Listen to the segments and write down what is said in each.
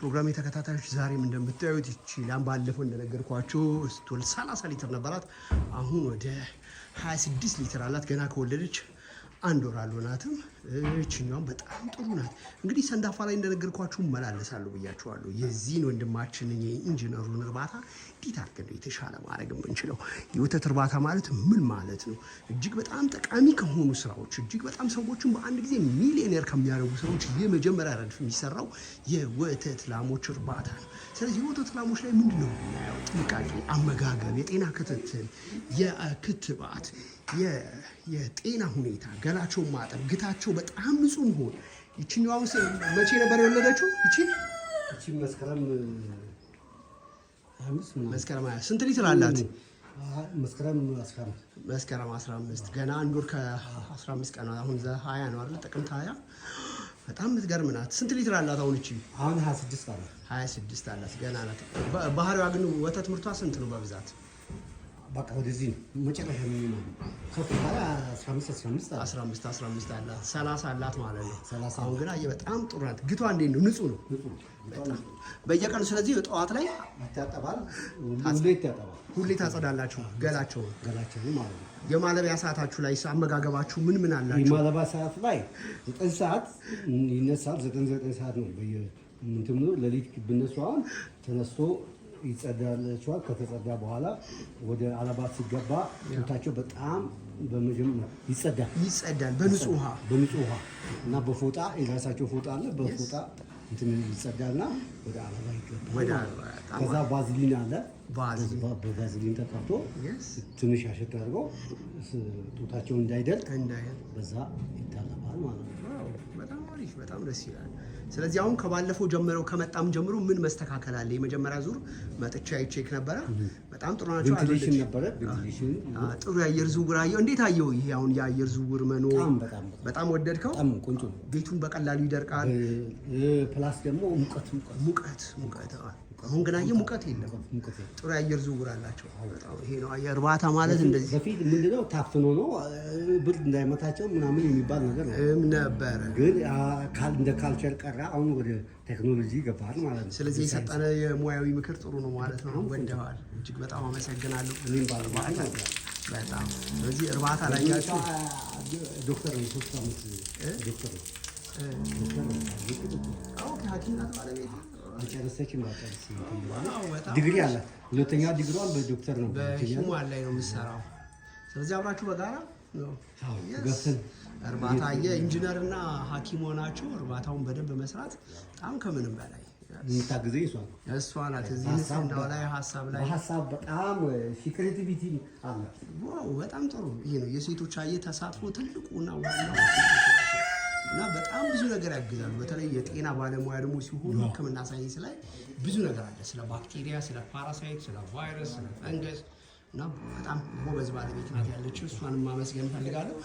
ፕሮግራሜ ተከታታዮች ዛሬም እንደምታዩት ይቺ ላም ባለፈው እንደነገርኳችሁ ስትወልድ 30 ሊትር ነበራት። አሁን ወደ 26 ሊትር አላት። ገና ከወለደች አንድ ወር አልሆናትም። እችኛዋም በጣም ጥሩ ናት። እንግዲህ ሰንዳፋ ላይ እንደነገርኳችሁ መላለሳለሁ ብያችኋለሁ። የዚህን ወንድማችንን የኢንጂነሩን እርባታ እንዴት አድርገን ነው የተሻለ ማድረግ የምንችለው? የወተት እርባታ ማለት ምን ማለት ነው? እጅግ በጣም ጠቃሚ ከሆኑ ስራዎች፣ እጅግ በጣም ሰዎችን በአንድ ጊዜ ሚሊዮኔር ከሚያደርጉ ስራዎች የመጀመሪያ ረድፍ የሚሰራው የወተት ላሞች እርባታ ነው። ስለዚህ የወተት ላሞች ላይ ምንድን ነው የምናየው? ጥንቃቄ፣ አመጋገብ፣ የጤና ክትትል፣ የክትባት፣ የጤና ሁኔታ፣ ገላቸውን ማጠብ፣ ግታቸው ልባቸው በጣም ንጹህ መሆን። ይችኛው ዮሐንስ መቼ ነበር የወለደችው? ይቺ ይቺ መስከረም መስከረም ስንት ሊትር አላት? መስከረም 15 ገና አንድ ወር ከ15 ቀን አሁን ዘ 20 ነው አይደል? ጥቅምት 20 በጣም የምትገርም ናት። ስንት ሊትር አላት አሁን? እቺ አሁን 26 አላት። 26 አላት ገና ናት። ባህሪዋ ግን ወተት ምርቷ ስንት ነው በብዛት? በቃ ወደዚህ ነው መጨረሻ ነው። ከፍ ባለ 15 15 አላት 30 አላት ማለት ነው። አሁን ግን አየህ በጣም ጥሩ ናት። ግቷ እንዴት ነው? ንጹህ ነው በየቀኑ። ስለዚህ ጠዋት ላይ ሁሌ ታጸዳላችሁ ገላቸው ገላቸው ማለት ነው። የማለቢያ ሰዓታችሁ ላይ አመጋገባችሁ ምን ምን አላችሁ? የማለቢያ ሰዓት ላይ 9 ሰዓት ይነሳል። 9 9 ሰዓት ነው በየ እንትም ሌሊት ብነሱ አሁን ተነስቶ ይጸዳላቸዋል። ከተጸዳ በኋላ ወደ አላባት ሲገባ ጡታቸው በጣም በመጀመሪያ ይጸዳል ይጸዳል በንጹህ ውሃ በንጹህ ውሃ እና በፎጣ የራሳቸው ፎጣ አለ። በፎጣ እንትን ይጸዳልና ወደ አላባ ይገባል። ከዛ ቫዝሊን አለ። በቫዝሊን ተቀብቶ ትንሽ አሸት አድርገው ጡታቸው እንዳይደል በዛ ይታለፋል ማለት ነው። አሪፍ፣ በጣም ደስ ይላል። ስለዚህ አሁን ከባለፈው ጀምረው ከመጣም ጀምሮ ምን መስተካከል አለ? የመጀመሪያ ዙር መጥቻ አይቼክ ነበረ። በጣም ጥሩ ናቸው። ቬንቲሌሽን ቬንቲሌሽን ነበረ፣ ጥሩ የአየር ዝውውር አየው። እንዴት አየው? ይሄ አሁን የአየር ዝውውር መኖር በጣም ወደድከው? ቆንጆ ቤቱን በቀላሉ ይደርቃል። ፕላስ ደግሞ ሙቀት ሙቀት ሙቀት ሙቀት አሁን ግን አየህ ሙቀት የለም። ጥሩ የአየር ዝውውር አላቸው። ይሄ ነው እርባታ ማለት እንደዚህ። በፊት ምንድነው ታፍኖ ነው ብርድ እንዳይመታቸው ምናምን የሚባል ነገር ነው ነበረ፣ ግን እንደ ካልቸር ቀረ። አሁን ወደ ቴክኖሎጂ ገባል ማለት ነው። ስለዚህ የሰጠነ የሙያዊ ምክር ጥሩ ነው ማለት ነው። ወደዋል። እጅግ በጣም አመሰግናለሁ። እኔም ባለማለት በጣም በዚህ እርባታ ላይ ያቸው ዶክተር ነው ሶስት አመት ዶክተር ነው ዶክተር ነው ሐኪም ናት ባለቤት አልጨረሰችም። ዲግሪ አላት። ሁለተኛ ዲግሪዋን በዶክተር ነው በሂውማን ላይ ነው የምትሰራው። ስለዚህ አብራችሁ በጋራ እርባታ የኢንጂነርና ሐኪም ሆናችሁ እርባታውን በደንብ መስራት በጣም ከምንም በላይ ሚታ ጊዜ እሷ እሷ ናት። እዚህ ላይ ሀሳብ ላይ ሀሳብ በጣም ክሬቲቪቲ አላት። በጣም ጥሩ። ይሄ ነው የሴቶች አየህ ተሳትፎ ትልቁና ዋና እና በጣም ብዙ ነገር ያግዛሉ። በተለይ የጤና ባለሙያ ደግሞ ሲሆኑ ሕክምና ሳይንስ ላይ ብዙ ነገር አለ። ስለ ባክቴሪያ፣ ስለ ፓራሳይት፣ ስለ ቫይረስ፣ ስለ ፈንገስ እና በጣም ጎበዝ ባለቤት ናት ያለችው፣ እሷንም ማመስገን እፈልጋለሁ።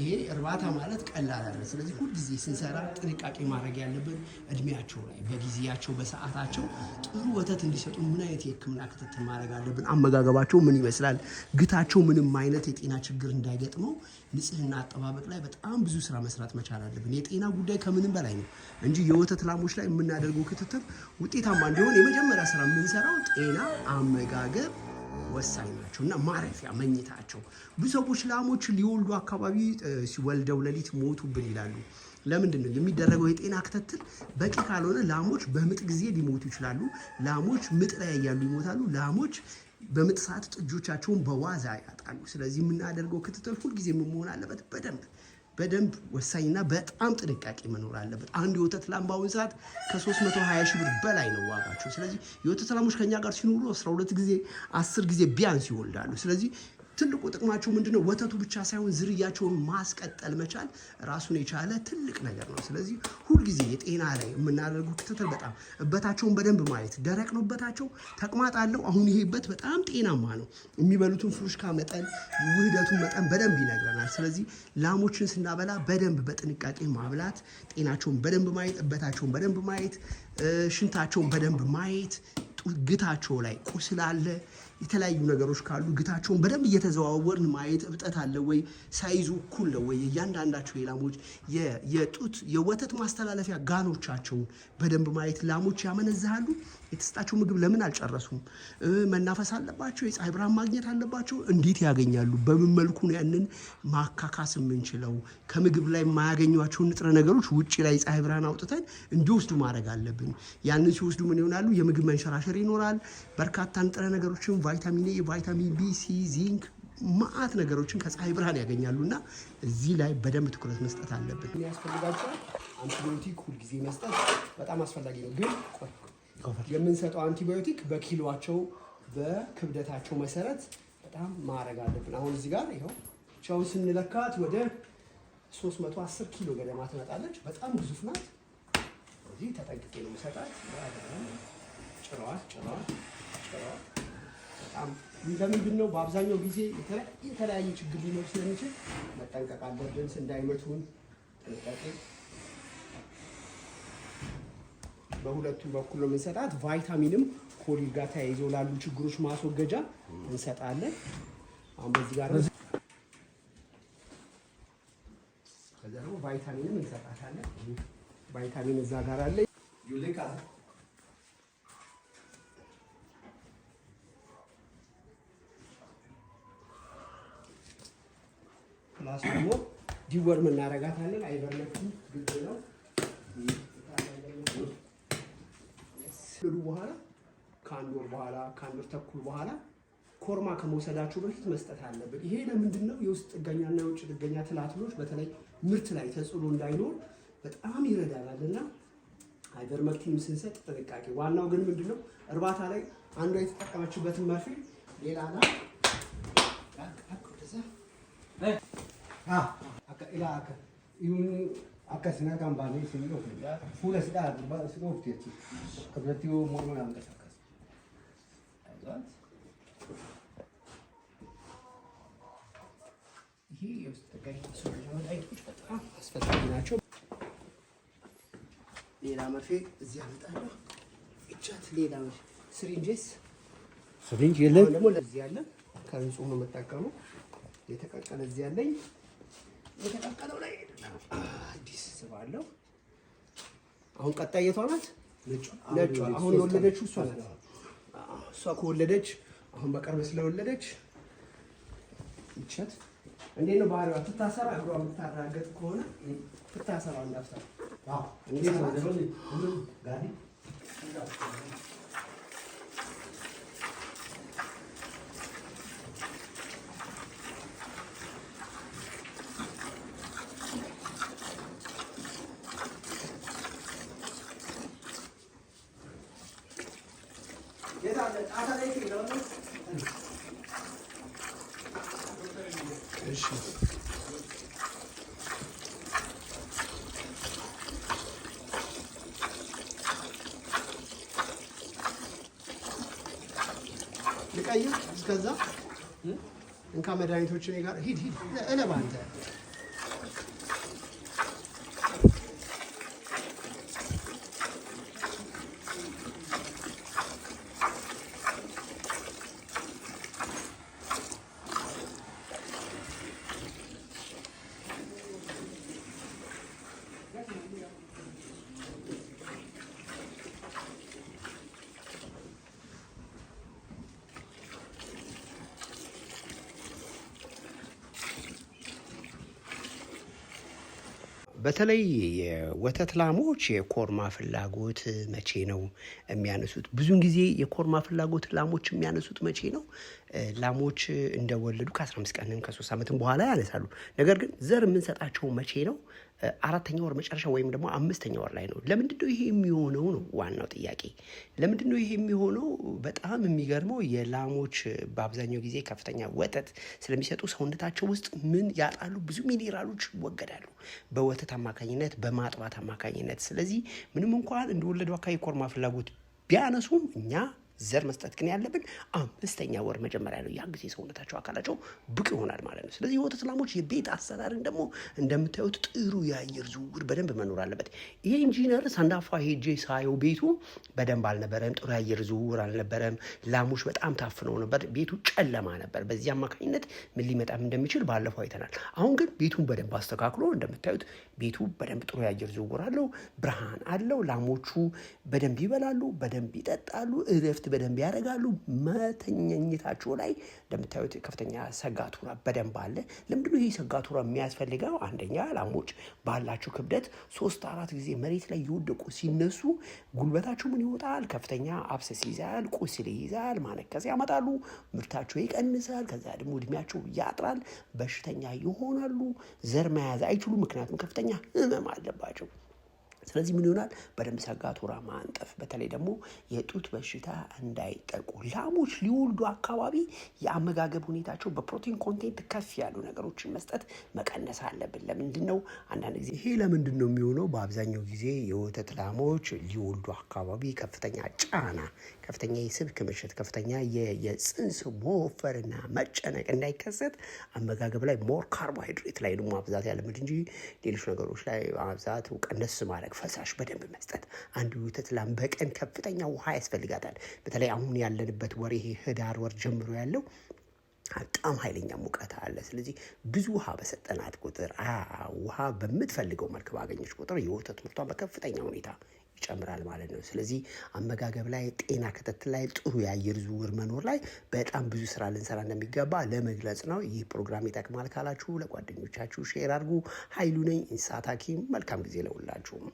ይሄ እርባታ ማለት ቀላል አለ። ስለዚህ ሁልጊዜ ስንሰራ ጥንቃቄ ማድረግ ያለብን እድሜያቸው ላይ በጊዜያቸው በሰዓታቸው ጥሩ ወተት እንዲሰጡ ምን አይነት የሕክምና ክትትል ማድረግ አለብን? አመጋገባቸው ምን ይመስላል? ግታቸው ምንም አይነት የጤና ችግር እንዳይገጥመው ንጽህና አጠባበቅ ላይ በጣም ብዙ ስራ መስራት መቻል አለብን። የጤና ጉዳይ ከምንም በላይ ነው እንጂ የወተት ላሞች ላይ የምናደርገው ክትትል ውጤታማ እንዲሆን የመጀመሪያ ስራ የምንሰራው ጤና፣ አመጋገብ ወሳኝ ናቸው እና ማረፊያ መኝታቸው። ብዙ ሰዎች ላሞች ሊወልዱ አካባቢ ሲወልደው ሌሊት ሞቱብን ይላሉ። ለምንድን ነው የሚደረገው የጤና ክትትል በቂ ካልሆነ ላሞች በምጥ ጊዜ ሊሞቱ ይችላሉ። ላሞች ምጥ ላይ እያሉ ይሞታሉ። ላሞች በምጥ ሰዓት ጥጆቻቸውን በዋዛ ያጣሉ። ስለዚህ የምናደርገው ክትትል ሁልጊዜ መሆን አለበት በደንብ በደንብ ወሳኝና በጣም ጥንቃቄ መኖር አለበት። አንድ የወተት ላም በአሁኑ ሰዓት ከ320 ሺህ ብር በላይ ነው ዋጋቸው። ስለዚህ የወተት ላሞች ከኛ ጋር ሲኖሩ 12 ጊዜ 10 ጊዜ ቢያንስ ይወልዳሉ። ስለዚህ ትልቁ ጥቅማቸው ምንድነው? ወተቱ ብቻ ሳይሆን ዝርያቸውን ማስቀጠል መቻል ራሱን የቻለ ትልቅ ነገር ነው። ስለዚህ ሁልጊዜ የጤና ላይ የምናደርገው ክትትል በጣም እበታቸውን በደንብ ማየት። ደረቅ ነው እበታቸው፣ ተቅማጥ አለው። አሁን ይሄ እበት በጣም ጤናማ ነው። የሚበሉትን ፍሩሽካ መጠን፣ ውህደቱን መጠን በደንብ ይነግረናል። ስለዚህ ላሞችን ስናበላ በደንብ በጥንቃቄ ማብላት፣ ጤናቸውን በደንብ ማየት፣ እበታቸውን በደንብ ማየት፣ ሽንታቸውን በደንብ ማየት፣ ግታቸው ላይ ቁስል አለ የተለያዩ ነገሮች ካሉ ግታቸውን በደንብ እየተዘዋወርን ማየት እብጠት አለ ወይ፣ ሳይዙ እኩል ነው ወይ፣ እያንዳንዳቸው የላሞች የጡት የወተት ማስተላለፊያ ጋኖቻቸውን በደንብ ማየት ላሞች ያመነዝሃሉ የተሰጣቸው ምግብ ለምን አልጨረሱም? መናፈስ አለባቸው፣ የፀሐይ ብርሃን ማግኘት አለባቸው። እንዴት ያገኛሉ? በምን መልኩ ነው ያንን ማካካስ የምንችለው? ከምግብ ላይ የማያገኟቸውን ንጥረ ነገሮች ውጭ ላይ ፀሐይ ብርሃን አውጥተን እንዲወስዱ ማድረግ አለብን። ያንን ሲወስዱ ምን ይሆናሉ? የምግብ መንሸራሸር ይኖራል። በርካታ ንጥረ ነገሮችን ቫይታሚን ኤ፣ ቫይታሚን ቢ፣ ሲ፣ ዚንክ ማአት ነገሮችን ከፀሐይ ብርሃን ያገኛሉ እና እዚህ ላይ በደንብ ትኩረት መስጠት አለብን። ያስፈልጋቸው አንቲቢዮቲክ ሁልጊዜ መስጠት በጣም አስፈላጊ ነው ግን የምንሰጠው አንቲባዮቲክ በኪሎቸው በክብደታቸው መሰረት በጣም ማድረግ አለብን። አሁን እዚህ ጋር ይኸው ቻውን ስንለካት ወደ 310 ኪሎ ገደማ ትመጣለች። በጣም ግዙፍ ናት። እዚህ ተጠግቄ ነው የምሰጣት። ጭራዋት ጭራዋት ጭራዋት በጣም ለምንድን ነው በአብዛኛው ጊዜ የተለያየ ችግር ሊኖር ስለሚችል መጠንቀቅ አለብን። እንዳይመቱን ጥንቃቄ በሁለቱም በኩል ነው የምንሰጣት። ቫይታሚንም ኮሊል ጋር ተያይዞ ላሉ ችግሮች ማስወገጃ እንሰጣለን። አሁን በዚህ ጋር ከዛ ደግሞ ቫይታሚንም እንሰጣታለን። ቫይታሚን እዛ ጋር አለ። ፕላስ ደግሞ ዲወርም እናረጋታለን። አይቨርመክቲን ግድ ነው በኋላ ከአንድ ወር በኋላ ከአንድ ወር ተኩል በኋላ ኮርማ ከመውሰዳችሁ በፊት መስጠት አለብን። ይሄ ለምንድን ነው? የውስጥ ጥገኛና የውጭ ጥገኛ ትላትሎች በተለይ ምርት ላይ ተጽዕኖ እንዳይኖር በጣም ይረዳናል እና ስንሰጥ ጥንቃቄ። ዋናው ግን ምንድን ነው? እርባታ ላይ አንዷ የተጠቀመችበትን መርፌ ሌላ ላ akkasina kan baanee isin dhooftudha. Fuula si dhaabaa si dhoofti jechuudha. Akka yoo morma naan qasa akkas. ሌላ መርፌ እዚህ አመጣለሁ። እቻት ሌላ መርፌ ስሪንጅስ ስሪንጅ የለም ደግሞ እዚህ ያለ ከንጹህ ነው የምጠቀመው። የተቀቀለ እዚህ ያለኝ የተቀቀለው ላይ አስባለሁ። አሁን ቀጣይ የቷ ናት? አሁን የወለደችው እሷ ናት። እሷ ከወለደች አሁን በቅርብ ስለወለደች ይቻት እንዴት ነው ባህሪዋ? ትታሰራ እግሯ የምታራገጥ ከሆነ ትታሰራ እንዳፍታ እያየህ እስከዛ እንካ መድኃኒቶች እኔ ጋር ሂድ ሂድ እለባንተ በተለይ የወተት ላሞች የኮርማ ፍላጎት መቼ ነው የሚያነሱት? ብዙን ጊዜ የኮርማ ፍላጎት ላሞች የሚያነሱት መቼ ነው? ላሞች እንደወለዱ ከ15 ቀንም ከ3 ዓመትም በኋላ ያነሳሉ። ነገር ግን ዘር የምንሰጣቸው መቼ ነው? አራተኛ ወር መጨረሻ ወይም ደግሞ አምስተኛ ወር ላይ ነው። ለምንድነው ይሄ የሚሆነው ነው ዋናው ጥያቄ። ለምንድነው ይሄ የሚሆነው? በጣም የሚገርመው የላሞች በአብዛኛው ጊዜ ከፍተኛ ወተት ስለሚሰጡ ሰውነታቸው ውስጥ ምን ያጣሉ? ብዙ ሚኔራሎች ይወገዳሉ በወተት አማካኝነት፣ በማጥባት አማካኝነት። ስለዚህ ምንም እንኳን እንደወለዱ አካባቢ ኮርማ ፍላጎት ቢያነሱም እኛ ዘር መስጠት ግን ያለብን አምስተኛ ወር መጀመሪያ ነው። ያን ጊዜ ሰውነታቸው አካላቸው ብቅ ይሆናል ማለት ነው። ስለዚህ የወተት ላሞች የቤት አሰራርን ደግሞ እንደምታዩት ጥሩ የአየር ዝውውር በደንብ መኖር አለበት። ይሄ ኢንጂነር ሳንዳፋ ሄጄ ሳየው ቤቱ በደንብ አልነበረም፣ ጥሩ የአየር ዝውውር አልነበረም። ላሞች በጣም ታፍነው ነበር። ቤቱ ጨለማ ነበር። በዚህ አማካኝነት ምን ሊመጣም እንደሚችል ባለፈው አይተናል። አሁን ግን ቤቱን በደንብ አስተካክሎ እንደምታዩት ቤቱ በደንብ ጥሩ የአየር ዝውውር አለው፣ ብርሃን አለው። ላሞቹ በደንብ ይበላሉ፣ በደንብ ይጠጣሉ፣ እረፍት እረፍት በደንብ ያደርጋሉ። መተኛኝታቸው ላይ እንደምታዩት ከፍተኛ ሰጋቱራ በደንብ አለ። ለምንድነው ይህ ሰጋቱራ የሚያስፈልገው? አንደኛ ላሞች ባላቸው ክብደት ሶስት አራት ጊዜ መሬት ላይ የወደቁ ሲነሱ ጉልበታቸው ምን ይወጣል? ከፍተኛ አብሰስ ይይዛል፣ ቁስል ይይዛል፣ ማነከስ ያመጣሉ፣ ምርታቸው ይቀንሳል። ከዛ ደግሞ እድሜያቸው ያጥራል፣ በሽተኛ ይሆናሉ፣ ዘር መያዝ አይችሉም። ምክንያቱም ከፍተኛ ህመም አለባቸው። ስለዚህ ምን ይሆናል? በደም ሰጋቱራ ማንጠፍ በተለይ ደግሞ የጡት በሽታ እንዳይጠቁ ላሞች ሊወልዱ አካባቢ የአመጋገብ ሁኔታቸው በፕሮቲን ኮንቴንት ከፍ ያሉ ነገሮችን መስጠት መቀነስ አለብን። ለምንድን ነው አንዳንድ ጊዜ ይሄ ለምንድን ነው የሚሆነው? በአብዛኛው ጊዜ የወተት ላሞች ሊወልዱ አካባቢ ከፍተኛ ጫና፣ ከፍተኛ የስብ ክምችት፣ ከፍተኛ የፅንስ መወፈርና መጨነቅ እንዳይከሰት አመጋገብ ላይ ሞር ካርቦሃይድሬት ላይ ማብዛት ያለብን እንጂ ሌሎች ነገሮች ላይ ማብዛት ቀነስ ማድረግ ፈሳሽ በደንብ መስጠት። አንድ ወተት ላም በቀን ከፍተኛ ውሃ ያስፈልጋታል። በተለይ አሁን ያለንበት ወር ይሄ ህዳር ወር ጀምሮ ያለው በጣም ኃይለኛ ሙቀት አለ። ስለዚህ ብዙ ውሃ በሰጠናት ቁጥር ውሃ በምትፈልገው መልክ ባገኘች ቁጥር የወተት ምርቷን በከፍተኛ ሁኔታ ይጨምራል ማለት ነው። ስለዚህ አመጋገብ ላይ፣ ጤና ክትትል ላይ፣ ጥሩ የአየር ዝውውር መኖር ላይ በጣም ብዙ ስራ ልንሰራ እንደሚገባ ለመግለጽ ነው። ይህ ፕሮግራም ይጠቅማል ካላችሁ ለጓደኞቻችሁ ሼር አድርጉ። ኃይሉ ነኝ፣ እንስሳት ሐኪም። መልካም ጊዜ ለውላችሁም።